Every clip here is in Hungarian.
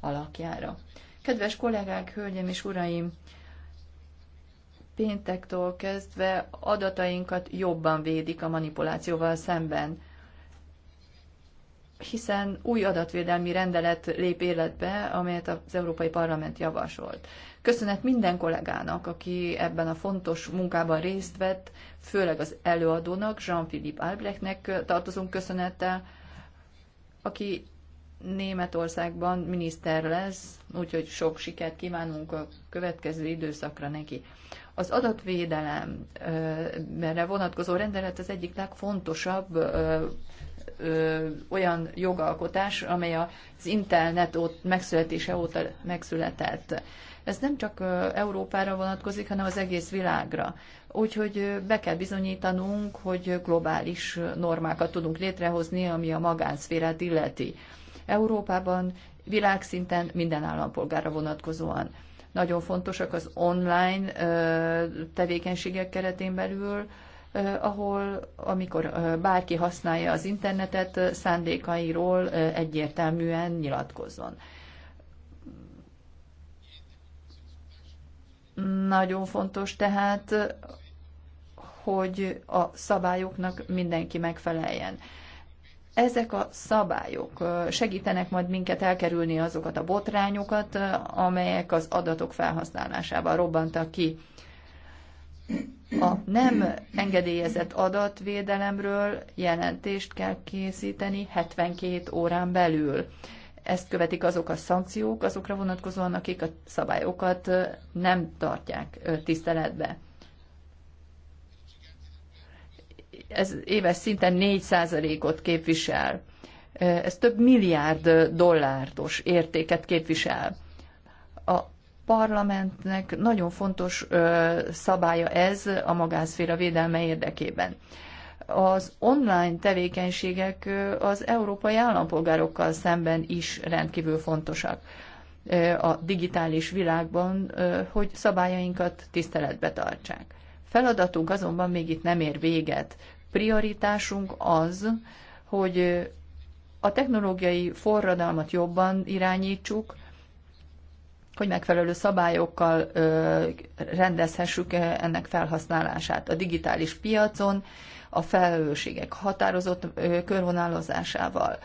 alakjára. Kedves kollégák, hölgyem és uraim, péntektől kezdve adatainkat jobban védik a manipulációval szemben, hiszen új adatvédelmi rendelet lép életbe, amelyet az Európai Parlament javasolt. Köszönet minden kollégának, aki ebben a fontos munkában részt vett, főleg az előadónak, Jean-Philippe Albrechtnek tartozunk köszönettel, aki Németországban miniszter lesz, úgyhogy sok sikert kívánunk a következő időszakra neki. Az adatvédelem, adatvédelemre vonatkozó rendelet az egyik legfontosabb olyan jogalkotás, amely az internet ott megszületése óta megszületett. Ez nem csak Európára vonatkozik, hanem az egész világra. Úgyhogy be kell bizonyítanunk, hogy globális normákat tudunk létrehozni, ami a magánszférát illeti Európában, világszinten, minden állampolgára vonatkozóan. Nagyon fontosak az online tevékenységek keretén belül, ahol, amikor bárki használja az internetet, szándékairól egyértelműen nyilatkozzon. Nagyon fontos tehát, hogy a szabályoknak mindenki megfeleljen ezek a szabályok segítenek majd minket elkerülni azokat a botrányokat, amelyek az adatok felhasználásával robbantak ki. A nem engedélyezett adatvédelemről jelentést kell készíteni 72 órán belül. Ezt követik azok a szankciók, azokra vonatkozóan, akik a szabályokat nem tartják tiszteletbe. ez éves szinten 4%-ot képvisel. Ez több milliárd dollárdos értéket képvisel. A parlamentnek nagyon fontos szabálya ez a magánszféra védelme érdekében. Az online tevékenységek az európai állampolgárokkal szemben is rendkívül fontosak a digitális világban, hogy szabályainkat tiszteletbe tartsák. Feladatunk azonban még itt nem ér véget prioritásunk az, hogy a technológiai forradalmat jobban irányítsuk, hogy megfelelő szabályokkal rendezhessük ennek felhasználását a digitális piacon, a felelősségek határozott körvonalazásával.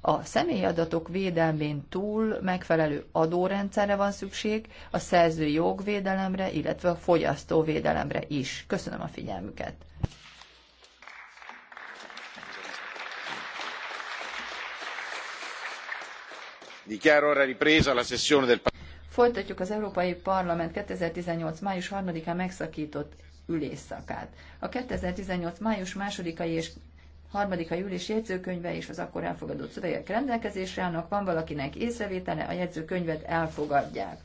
A személyi adatok védelmén túl megfelelő adórendszerre van szükség, a szerző jogvédelemre, illetve a fogyasztóvédelemre is. Köszönöm a figyelmüket! dichiaro ora ripresa la sessione del Folytatjuk az Európai Parlament 2018. május 3-án megszakított ülésszakát. A 2018. május 2-ai és 3. ülés jegyzőkönyve és az akkor elfogadott szövegek rendelkezésre állnak, van valakinek észrevétele, a jegyzőkönyvet elfogadják.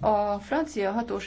A francia hatós